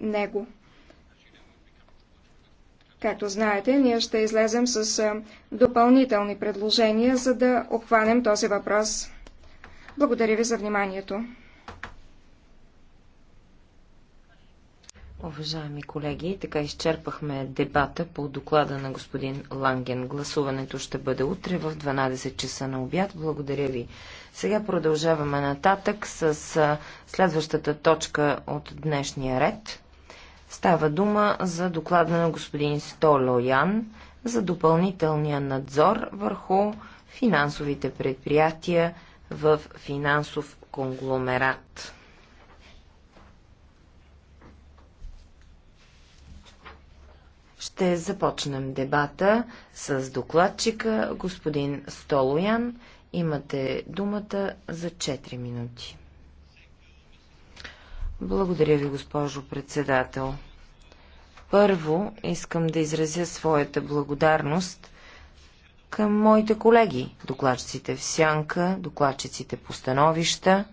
него. Както знаете, ние ще излезем с допълнителни предложения, за да обхванем този въпрос. Благодаря ви за вниманието. Уважаеми колеги, така изчерпахме дебата по доклада на господин Ланген. Гласуването ще бъде утре в 12 часа на обяд. Благодаря ви. Сега продължаваме нататък с следващата точка от днешния ред. Става дума за доклада на господин Столоян за допълнителния надзор върху финансовите предприятия в финансов конгломерат. Ще започнем дебата с докладчика господин Столоян. Имате думата за 4 минути. Благодаря ви, госпожо председател. Първо искам да изразя своята благодарност към моите колеги, докладчиците в сянка, докладчиците по становища,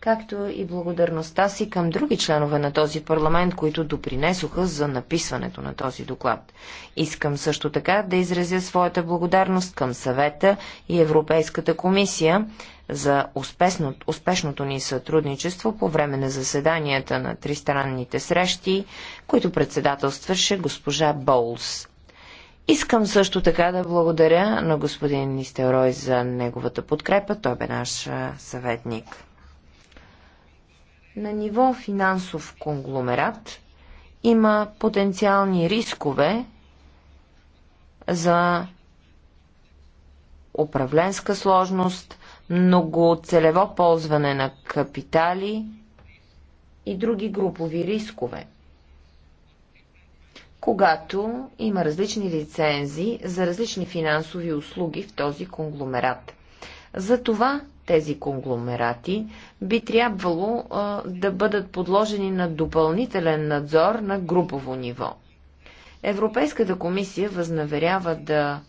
както и благодарността си към други членове на този парламент, които допринесоха за написването на този доклад. Искам също така да изразя своята благодарност към съвета и Европейската комисия за успешно, успешното ни сътрудничество по време на заседанията на тристранните срещи, които председателстваше госпожа Боулс. Искам също така да благодаря на господин Нистерой за неговата подкрепа. Той бе наш съветник. На ниво финансов конгломерат има потенциални рискове за управленска сложност, многоцелево ползване на капитали и други групови рискове когато има различни лицензии за различни финансови услуги в този конгломерат. Затова тези конгломерати, би трябвало а, да бъдат подложени на допълнителен надзор на групово ниво. Европейската комисия възнаверява да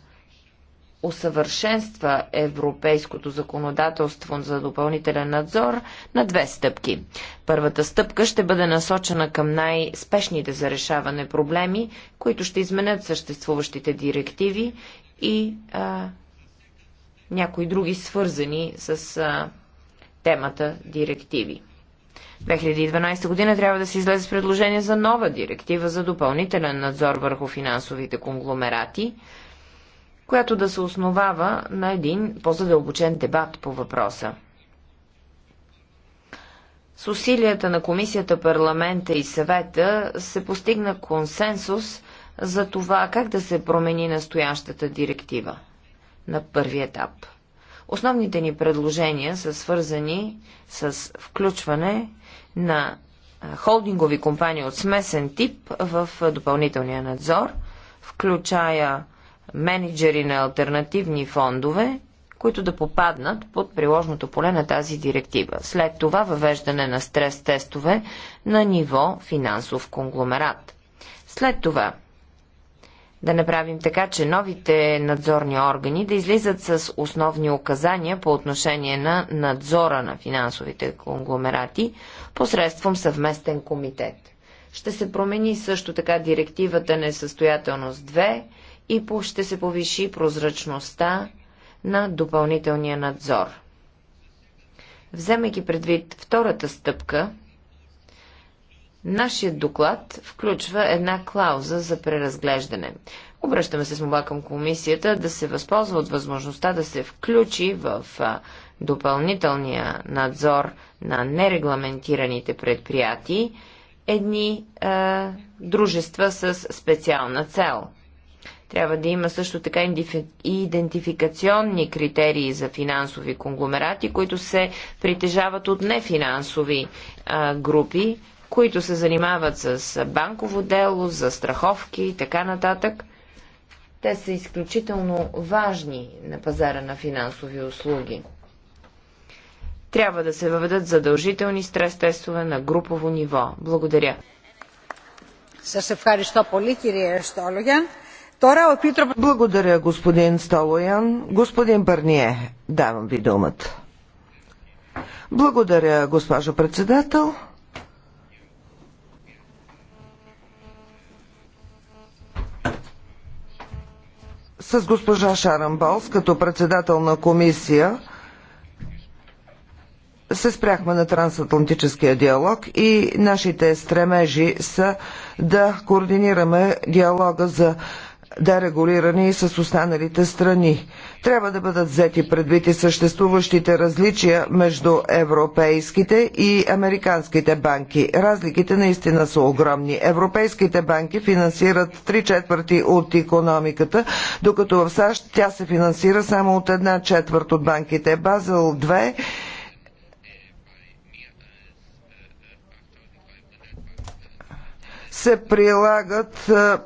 усъвършенства европейското законодателство за допълнителен надзор на две стъпки. Първата стъпка ще бъде насочена към най-спешните за решаване проблеми, които ще изменят съществуващите директиви и а, някои други свързани с а, темата директиви. 2012 година трябва да се излезе с предложение за нова директива за допълнителен надзор върху финансовите конгломерати, която да се основава на един по-задълбочен дебат по въпроса. С усилията на Комисията, парламента и съвета се постигна консенсус за това как да се промени настоящата директива на първи етап. Основните ни предложения са свързани с включване на холдингови компании от смесен тип в допълнителния надзор, включая менеджери на альтернативни фондове, които да попаднат под приложното поле на тази директива. След това въвеждане на стрес-тестове на ниво финансов конгломерат. След това да направим така, че новите надзорни органи да излизат с основни указания по отношение на надзора на финансовите конгломерати посредством съвместен комитет. Ще се промени също така директивата несъстоятелност 2 и ще се повиши прозрачността на допълнителния надзор. Вземайки предвид втората стъпка, Нашият доклад включва една клауза за преразглеждане. Обръщаме се с моба към комисията да се възползва от възможността да се включи в допълнителния надзор на нерегламентираните предприятия едни е, дружества с специална цел. Трябва да има също така и идентификационни критерии за финансови конгломерати, които се притежават от нефинансови групи, които се занимават с банково дело, за страховки и така нататък. Те са изключително важни на пазара на финансови услуги. Трябва да се въведат задължителни стрес-тестове на групово ниво. Благодаря. Благодаря, господин Столоян. Господин Бърние, давам ви думата. Благодаря, госпожо председател. с госпожа Шаран Болс като председател на комисия се спряхме на трансатлантическия диалог и нашите стремежи са да координираме диалога за дерегулиране и с останалите страни. Трябва да бъдат взети предвид и съществуващите различия между европейските и американските банки. Разликите наистина са огромни. Европейските банки финансират 3 четвърти от економиката, докато в САЩ тя се финансира само от една четвърт от банките. Базел 2 се прилагат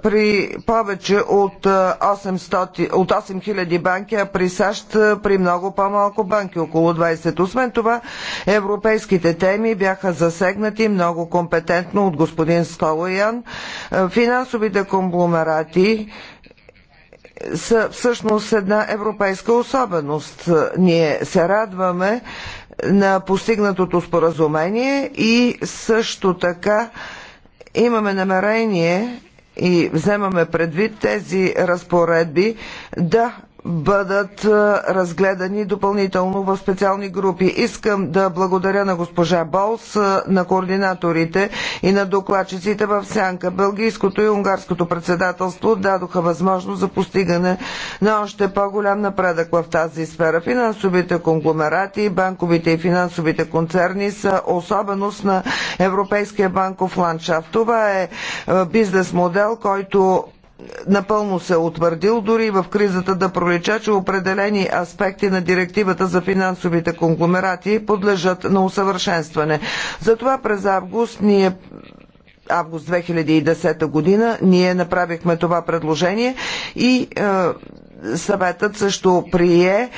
при повече от 800, от 8000 банки, а при САЩ при много по-малко банки, около 20. Освен това, европейските теми бяха засегнати много компетентно от господин Столоян. Финансовите конгломерати са всъщност една европейска особеност. Ние се радваме на постигнатото споразумение и също така имаме намерение и вземаме предвид тези разпоредби да бъдат разгледани допълнително в специални групи. Искам да благодаря на госпожа Болс, на координаторите и на докладчиците в Сянка. Бългийското и унгарското председателство дадоха възможност за постигане на още по-голям напредък в тази сфера. Финансовите конгломерати, банковите и финансовите концерни са особеност на Европейския банков ландшафт. Това е бизнес модел, който напълно се е утвърдил, дори в кризата да пролича, че определени аспекти на директивата за финансовите конгломерати подлежат на усъвършенстване. Затова през август ние август 2010 година ние направихме това предложение и е, съветът също прие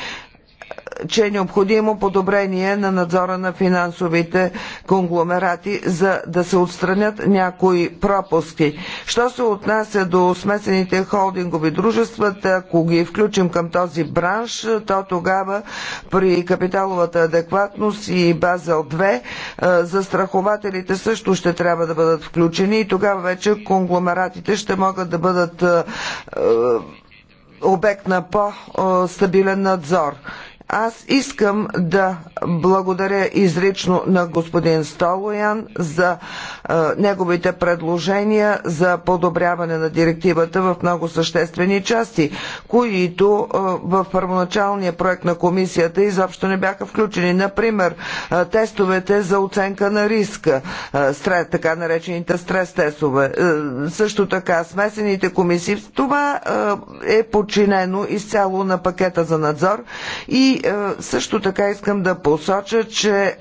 че е необходимо подобрение на надзора на финансовите конгломерати, за да се отстранят някои пропуски. Що се отнася до смесените холдингови дружества, ако ги включим към този бранш, то тогава при капиталовата адекватност и Базел 2 застрахователите също ще трябва да бъдат включени и тогава вече конгломератите ще могат да бъдат обект на по-стабилен надзор. Аз искам да благодаря изрично на господин Столоян за е, неговите предложения за подобряване на директивата в много съществени части, които е, в първоначалния проект на комисията изобщо не бяха включени. Например, е, тестовете за оценка на риска, е, така наречените стрес тестове. Е, също така смесените комисии. Това е, е подчинено изцяло на пакета за надзор и е, също така искам да посоча, че е,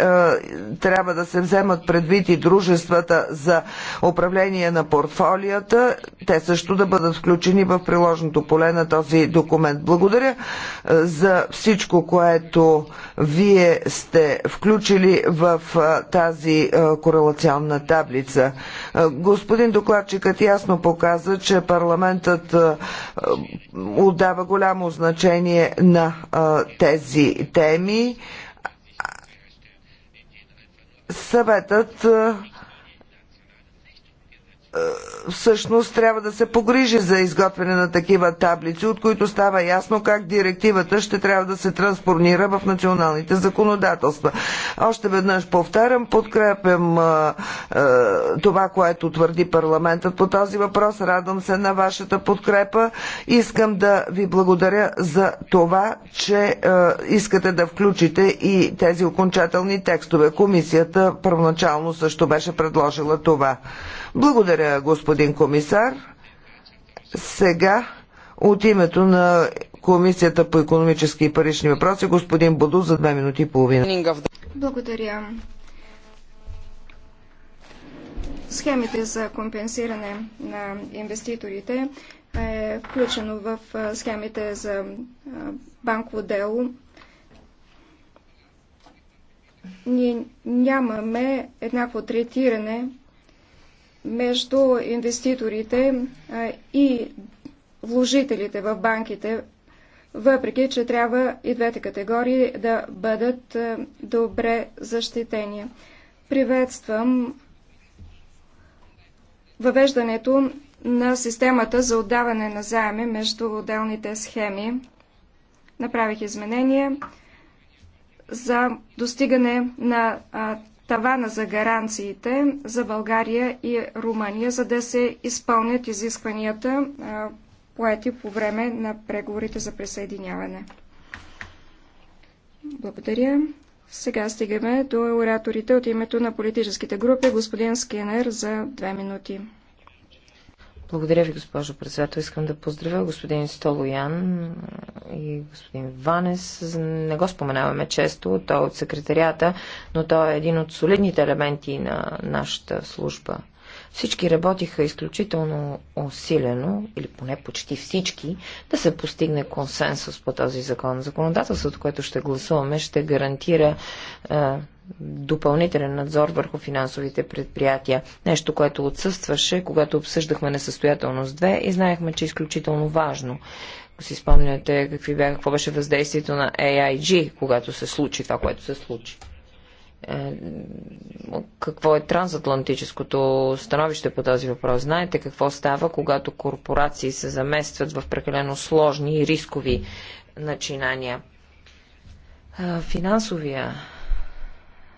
трябва да се вземат предвид и дружествата за управление на портфолията. Те също да бъдат включени в приложното поле на този документ. Благодаря е, за всичко, което вие сте включили в тази корелационна таблица. господин докладчикът ясно показа, че парламентът отдава голямо значение на тези тези теми. Съветът всъщност трябва да се погрижи за изготвяне на такива таблици, от които става ясно как директивата ще трябва да се транспорнира в националните законодателства. Още веднъж повтарям, подкрепям а, а, това, което твърди парламентът по този въпрос. Радвам се на вашата подкрепа. Искам да ви благодаря за това, че а, искате да включите и тези окончателни текстове. Комисията първоначално също беше предложила това. Благодаря благодаря, господин комисар. Сега от името на Комисията по економически и парични въпроси, господин Буду за две минути и половина. Благодаря. Схемите за компенсиране на инвеститорите е включено в схемите за банково дело. Ние нямаме еднакво третиране между инвеститорите и вложителите в банките, въпреки че трябва и двете категории да бъдат добре защитени. Приветствам въвеждането на системата за отдаване на заеми между отделните схеми. Направих изменения за достигане на тавана за гаранциите за България и Румъния, за да се изпълнят изискванията поети по време на преговорите за присъединяване. Благодаря. Сега стигаме до ораторите от името на политическите групи. Господин Скинер за две минути. Благодаря ви, госпожо председател. Искам да поздравя господин Столоян и господин Ванес. Не го споменаваме често, той е от секретарията, но той е един от солидните елементи на нашата служба. Всички работиха изключително усилено, или поне почти всички, да се постигне консенсус по този закон. Законодателството, което ще гласуваме, ще гарантира е, допълнителен надзор върху финансовите предприятия. Нещо, което отсъстваше, когато обсъждахме несъстоятелност 2 и знаехме, че е изключително важно. Ако си спомняте какви бяха, какво беше въздействието на AIG, когато се случи това, което се случи. Е, какво е трансатлантическото становище по този въпрос. Знаете какво става, когато корпорации се заместват в прекалено сложни и рискови начинания. Е, финансовия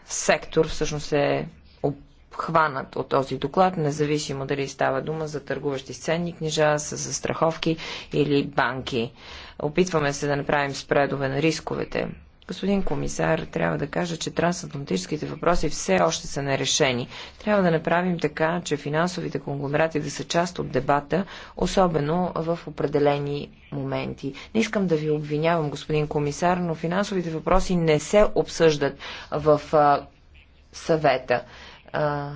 сектор всъщност е обхванат от този доклад, независимо дали става дума за търгуващи с ценни книжа, с застраховки или банки. Опитваме се да направим спредове на рисковете. Господин комисар, трябва да кажа, че трансатлантическите въпроси все още са нерешени. Трябва да направим така, че финансовите конгломерати да са част от дебата, особено в определени моменти. Не искам да ви обвинявам, господин комисар, но финансовите въпроси не се обсъждат в а, съвета а,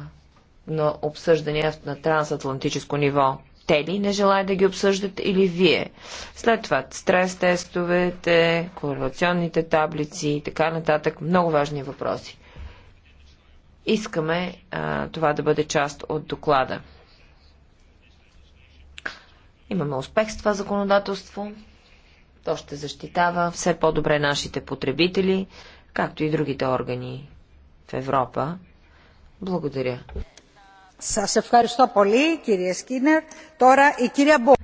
на обсъждания на трансатлантическо ниво те ли не желаят да ги обсъждат или вие. След това стрес тестовете, корелационните таблици и така нататък. Много важни въпроси. Искаме а, това да бъде част от доклада. Имаме успех с това законодателство. То ще защитава все по-добре нашите потребители, както и другите органи в Европа. Благодаря.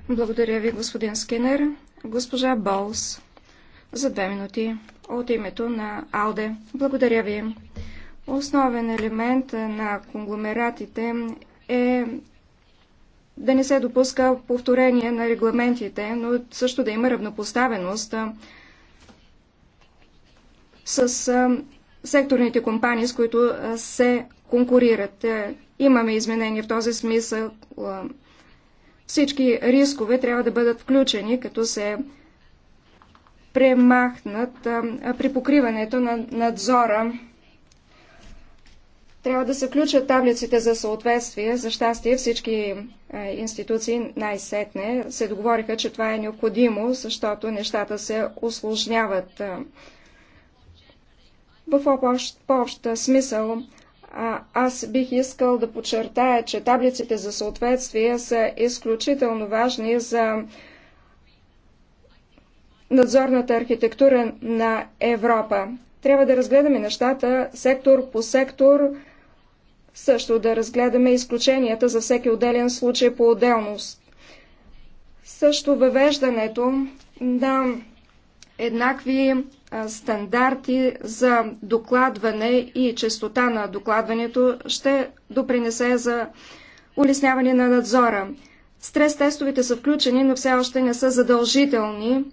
Благодаря ви, господин Скинер. Госпожа Болс, за две минути от името на АЛДЕ. Благодаря ви. Основен елемент на конгломератите е да не се допуска повторение на регламентите, но също да има равнопоставеност с секторните компании, с които се конкурират. Е, имаме изменения в този смисъл. Е, всички рискове трябва да бъдат включени, като се премахнат при покриването на надзора. Трябва да се включат таблиците за съответствие. За щастие всички е, институции най-сетне се договориха, че това е необходимо, защото нещата се осложняват. В общ смисъл, аз бих искал да подчертая, че таблиците за съответствие са изключително важни за надзорната архитектура на Европа. Трябва да разгледаме нещата сектор по сектор, също да разгледаме изключенията за всеки отделен случай по отделност. Също въвеждането на еднакви стандарти за докладване и частота на докладването ще допринесе за улесняване на надзора. Стрес-тестовете са включени, но все още не са задължителни,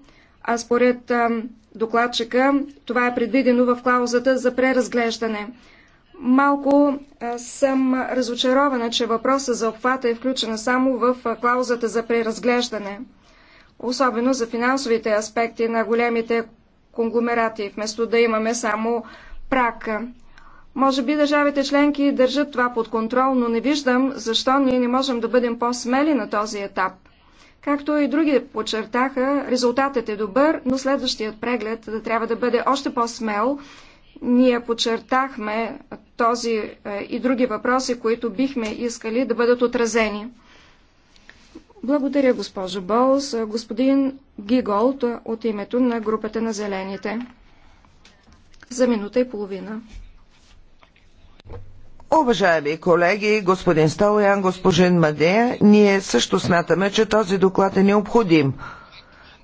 а според докладчика това е предвидено в клаузата за преразглеждане. Малко съм разочарована, че въпроса за обхвата е включена само в клаузата за преразглеждане особено за финансовите аспекти на големите конгломерати, вместо да имаме само прака. Може би държавите членки държат това под контрол, но не виждам защо ние не можем да бъдем по-смели на този етап. Както и други подчертаха, резултатът е добър, но следващият преглед да трябва да бъде още по-смел. Ние подчертахме този е, и други въпроси, които бихме искали да бъдат отразени. Благодаря, госпожо Болс. Господин Гиголт от името на групата на зелените. За минута и половина. Уважаеми колеги, господин Столоян, господин Мадея, ние също смятаме, че този доклад е необходим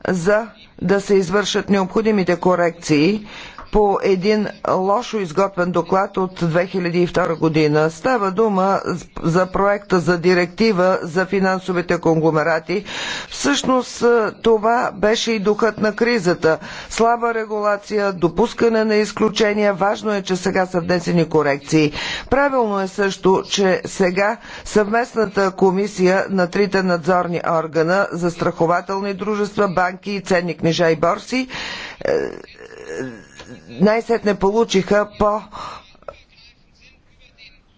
за да се извършат необходимите корекции по един лошо изготвен доклад от 2002 година. Става дума за проекта за директива за финансовите конгломерати. Всъщност е, това беше и духът на кризата. Слаба регулация, допускане на изключения. Важно е, че сега са внесени корекции. Правилно е също, че сега съвместната комисия на трите надзорни органа за страхователни дружества, банки, ценни книжа и борси е, е, най-сетне получиха по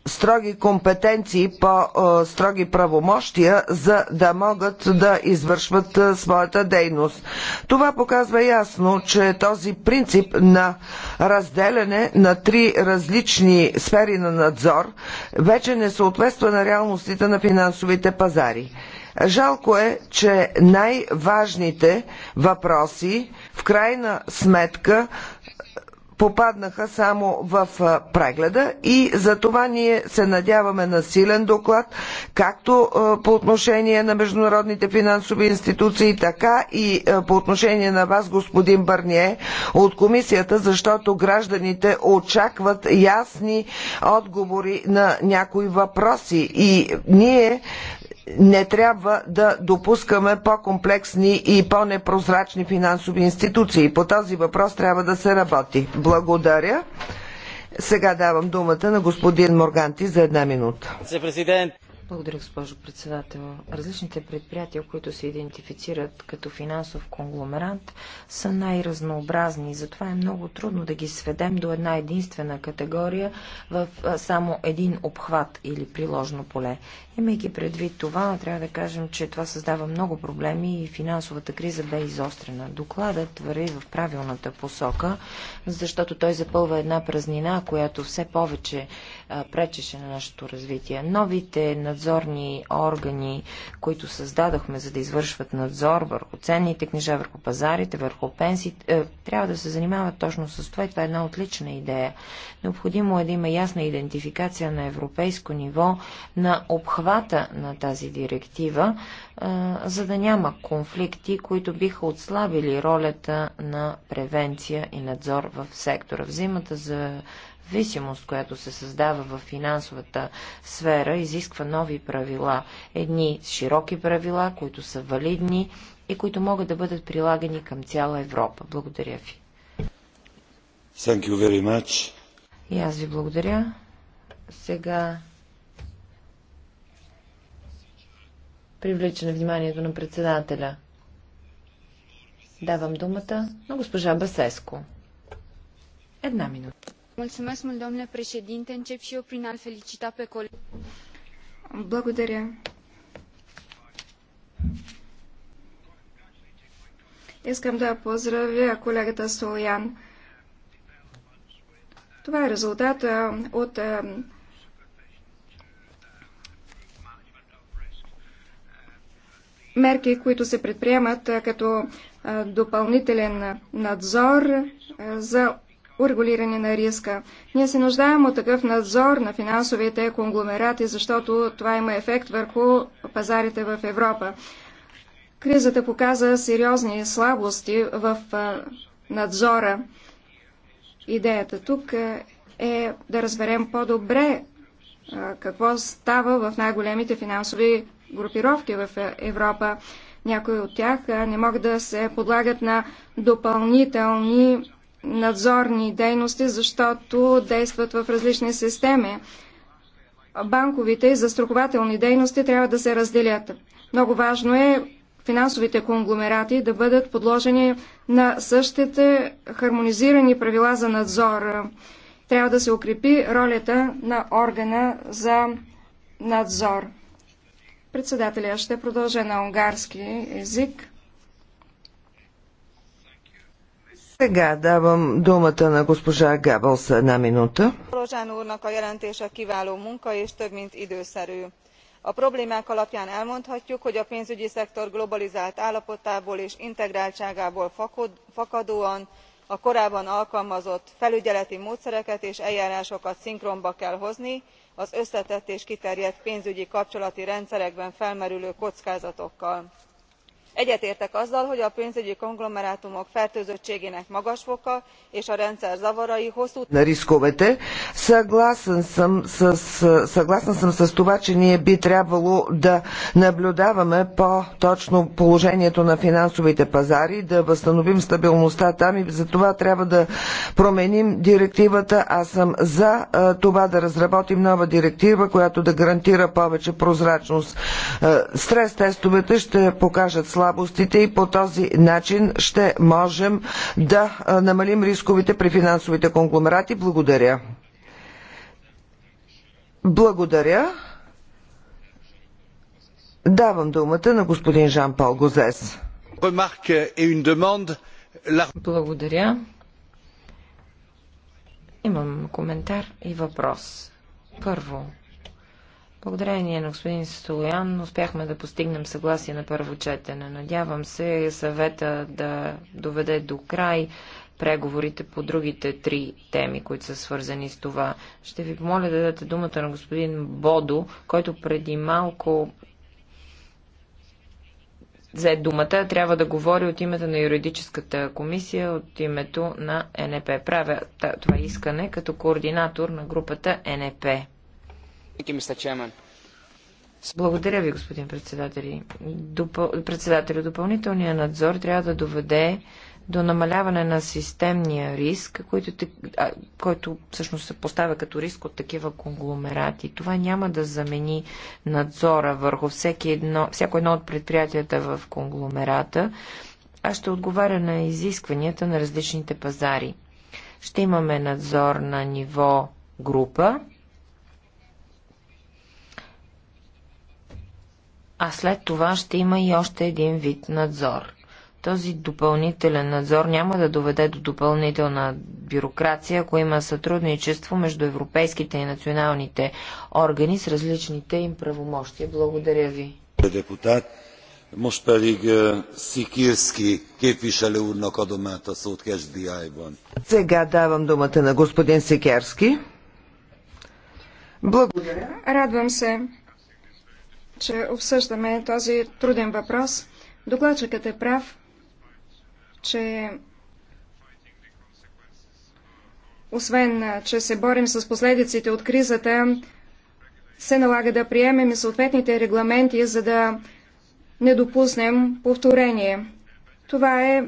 строги компетенции, по-строги правомощия, за да могат да извършват своята дейност. Това показва ясно, че този принцип на разделяне на три различни сфери на надзор вече не съответства на реалностите на финансовите пазари. Жалко е, че най-важните въпроси в крайна сметка попаднаха само в прегледа и за това ние се надяваме на силен доклад, както по отношение на международните финансови институции, така и по отношение на вас, господин Барние, от комисията, защото гражданите очакват ясни отговори на някои въпроси и ние не трябва да допускаме по-комплексни и по-непрозрачни финансови институции. По този въпрос трябва да се работи. Благодаря. Сега давам думата на господин Морганти за една минута. Благодаря, госпожо председател. Различните предприятия, които се идентифицират като финансов конгломерант, са най-разнообразни. Затова е много трудно да ги сведем до една единствена категория в само един обхват или приложно поле. Имайки предвид това, трябва да кажем, че това създава много проблеми и финансовата криза бе изострена. Докладът върви в правилната посока, защото той запълва една празнина, която все повече пречеше на нашето развитие. Новите надзорни органи, които създадохме за да извършват надзор върху ценните книжа, върху пазарите, върху пенсиите, е, трябва да се занимават точно с това и това е една отлична идея. Необходимо е да има ясна идентификация на европейско ниво на обхвата на тази директива, е, за да няма конфликти, които биха отслабили ролята на превенция и надзор в сектора. Взимата за зависимост, която се създава в финансовата сфера, изисква нови правила. Едни широки правила, които са валидни и които могат да бъдат прилагани към цяла Европа. Благодаря ви. Thank you very much. И аз ви благодаря. Сега привлича на вниманието на председателя. Давам думата на госпожа Басеско. Една минута încep și eu prin a-l felicita pe coleg. Искам да поздравя колегата Солян. Това е резултат от мерки, които се предприемат като допълнителен надзор за урегулиране на риска. Ние се нуждаем от такъв надзор на финансовите конгломерати, защото това има ефект върху пазарите в Европа. Кризата показа сериозни слабости в надзора. Идеята тук е да разберем по-добре какво става в най-големите финансови групировки в Европа. Някои от тях не могат да се подлагат на допълнителни надзорни дейности, защото действат в различни системи. Банковите и застрахователни дейности трябва да се разделят. Много важно е финансовите конгломерати да бъдат подложени на същите хармонизирани правила за надзор. Трябва да се укрепи ролята на органа за надзор. Председателя ще продължа на унгарски език. Сега давам думата на госпожа Габълс една минута. Розsán úrnak a jelentése kiváló munka és több mint időszerű. A problémák alapján elmondhatjuk, hogy a pénzügyi szektor globalizált állapotából és integráltságából fakadóan a korábban alkalmazott felügyeleti módszereket és eljárásokat szinkronba kell hozni az összetett és kiterjedt pénzügyi kapcsolati rendszerekben felmerülő kockázatokkal egyetértek azzal hogy a pénzügyi konglomerátumok fertőzöttségének magas foka és a rendszer zavarai hosszú рисковете. Съгласен съм с, това, че ние би трябвало да наблюдаваме по-точно положението на финансовите пазари, да възстановим стабилността там и за това трябва да променим директивата. Аз съм за това да разработим нова директива, която да гарантира повече прозрачност. Стрес тестовете ще покажат слабо слабостите и по този начин ще можем да намалим рисковете при финансовите конгломерати. Благодаря. Благодаря. Давам думата на господин Жан-Пол Гозес. Благодаря. Имам коментар и въпрос. Първо, Благодарение на господин Стоян. успяхме да постигнем съгласие на първо четене. Надявам се съвета да доведе до край преговорите по другите три теми, които са свързани с това. Ще ви помоля да дадете думата на господин Бодо, който преди малко взе думата, трябва да говори от името на юридическата комисия, от името на НП. Правя това искане като координатор на групата НП. Благодаря ви, господин председател. Допъл... допълнителният надзор трябва да доведе до намаляване на системния риск, който, който всъщност се поставя като риск от такива конгломерати. Това няма да замени надзора върху всеки едно, всяко едно от предприятията в конгломерата, а ще отговаря на изискванията на различните пазари. Ще имаме надзор на ниво група, А след това ще има и още един вид надзор. Този допълнителен надзор няма да доведе до допълнителна бюрокрация, ако има сътрудничество между европейските и националните органи с различните им правомощия. Благодаря ви. Депутат, most е, Сикирски, Szikirszki képviselő кодомата са át Сега давам думата на господин Сикерски. Благодаря. Радвам се, че обсъждаме този труден въпрос. Докладчикът е прав, че освен, че се борим с последиците от кризата, се налага да приемем и съответните регламенти, за да не допуснем повторение. Това е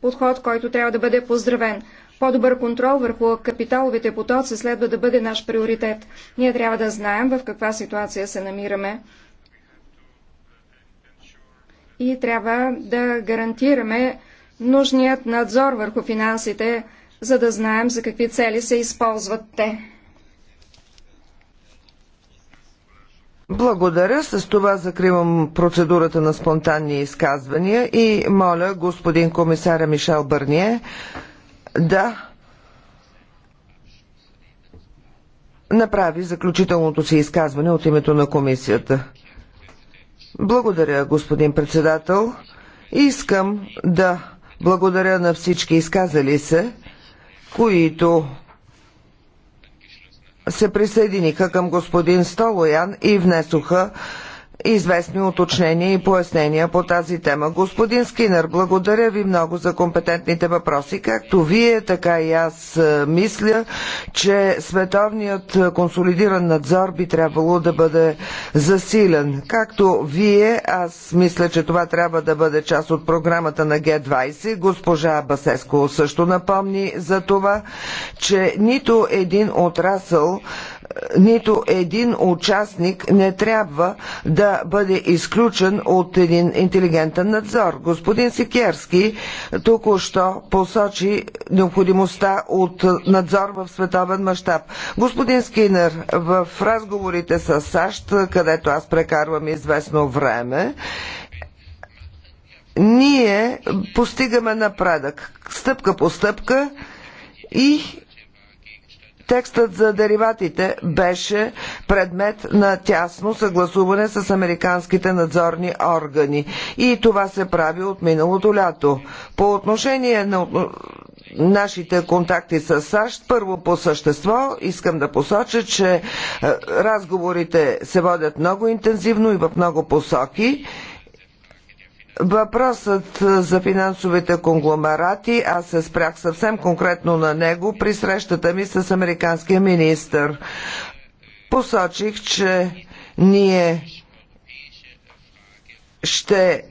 подход, който трябва да бъде поздравен. По-добър контрол върху капиталовите потоци следва да бъде наш приоритет. Ние трябва да знаем в каква ситуация се намираме и трябва да гарантираме нужният надзор върху финансите, за да знаем за какви цели се използват те. Благодаря. С това закривам процедурата на спонтанни изказвания и моля господин комисаря Мишел Бърние да направи заключителното си изказване от името на комисията. Благодаря, господин председател. Искам да благодаря на всички изказали се, които се присъединиха към господин Столоян и внесоха известни уточнения и пояснения по тази тема. Господин Скинер, благодаря ви много за компетентните въпроси. Както вие, така и аз е, мисля, че световният консолидиран надзор би трябвало да бъде засилен. Както вие, аз мисля, че това трябва да бъде част от програмата на Г-20. Госпожа Басеско също напомни за това, че нито един отрасъл нито един участник не трябва да бъде изключен от един интелигентен надзор. Господин Сикерски току-що посочи необходимостта от надзор в световен мащаб. Господин Скинер, в разговорите с САЩ, където аз прекарвам известно време, ние постигаме напредък стъпка по стъпка и Текстът за дериватите беше предмет на тясно съгласуване с американските надзорни органи. И това се прави от миналото лято. По отношение на нашите контакти с САЩ. Първо по същество искам да посоча, че е, разговорите се водят много интензивно и в много посоки. Въпросът за финансовите конгломерати, аз се спрях съвсем конкретно на него при срещата ми с американския министр. Посочих, че ние ще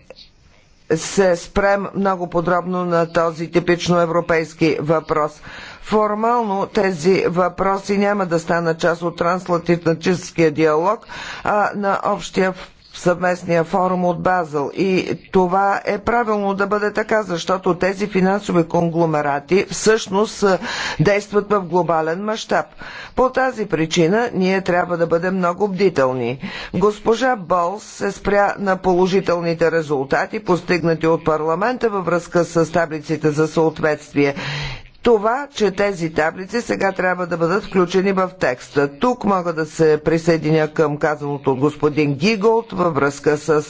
се спрем много подробно на този типично европейски въпрос. Формално тези въпроси няма да станат част от трансатлантическия диалог, а на общия съвместния форум от Базъл. И това е правилно да бъде така, защото тези финансови конгломерати всъщност действат в глобален мащаб. По тази причина ние трябва да бъдем много бдителни. Госпожа Болс се спря на положителните резултати, постигнати от парламента във връзка с таблиците за съответствие това, че тези таблици сега трябва да бъдат включени в текста. Тук мога да се присъединя към казаното от господин Гиголт във връзка с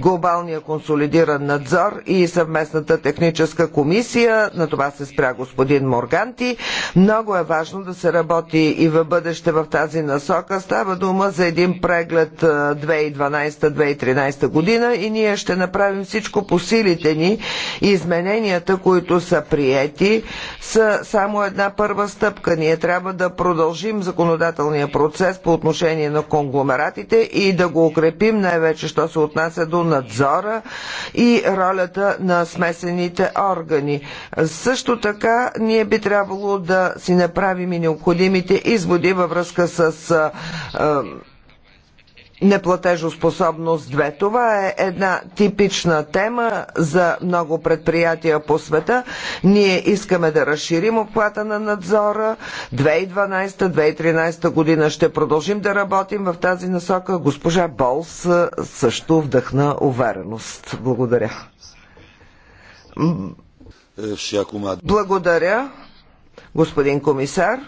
глобалния консолидиран надзор и съвместната техническа комисия. На това се спря господин Морганти. Много е важно да се работи и в бъдеще в тази насока. Става дума за един преглед 2012-2013 година и ние ще направим всичко по силите ни и измененията, които са приети, са само една първа стъпка. Ние трябва да продължим законодателния процес по отношение на конгломератите и да го укрепим най-вече, що се отнася до надзора и ролята на смесените органи. Също така ние би трябвало да си направим и необходимите изводи във връзка с е, неплатежоспособност 2. Това е една типична тема за много предприятия по света. Ние искаме да разширим обхвата на надзора. 2012-2013 година ще продължим да работим в тази насока. Госпожа Болс също вдъхна увереност. Благодаря. Е, Благодаря, господин комисар.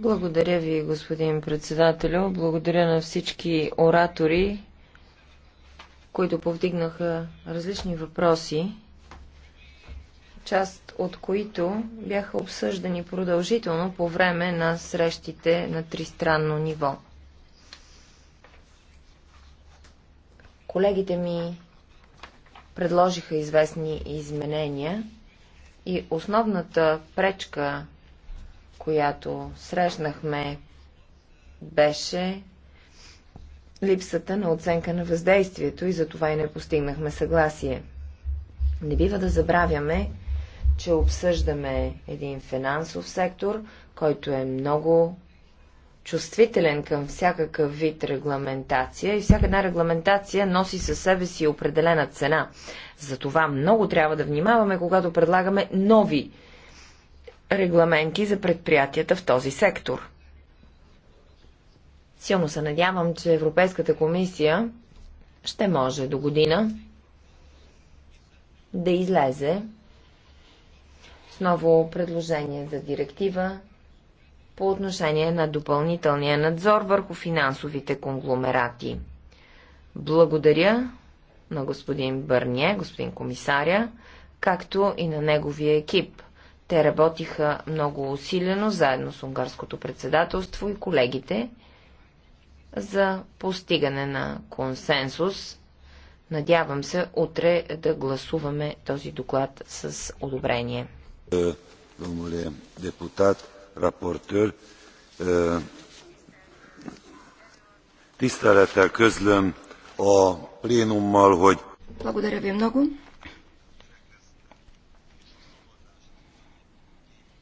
Благодаря ви, господин председателю. Благодаря на всички оратори, които повдигнаха различни въпроси, част от които бяха обсъждани продължително по време на срещите на тристранно ниво. Колегите ми предложиха известни изменения – и основната пречка, която срещнахме, беше липсата на оценка на въздействието и за това и не постигнахме съгласие. Не бива да забравяме, че обсъждаме един финансов сектор, който е много чувствителен към всякакъв вид регламентация и всяка една регламентация носи със себе си определена цена. Затова много трябва да внимаваме, когато предлагаме нови регламенти за предприятията в този сектор. Силно се надявам, че Европейската комисия ще може до година да излезе с ново предложение за директива по отношение на допълнителния надзор върху финансовите конгломерати. Благодаря на господин Бърние, господин комисаря, както и на неговия екип. Те работиха много усилено, заедно с унгарското председателство и колегите, за постигане на консенсус. Надявам се утре да гласуваме този доклад с одобрение. Е, депутат, raportőr. Tisztelettel közlöm a plénummal, hogy...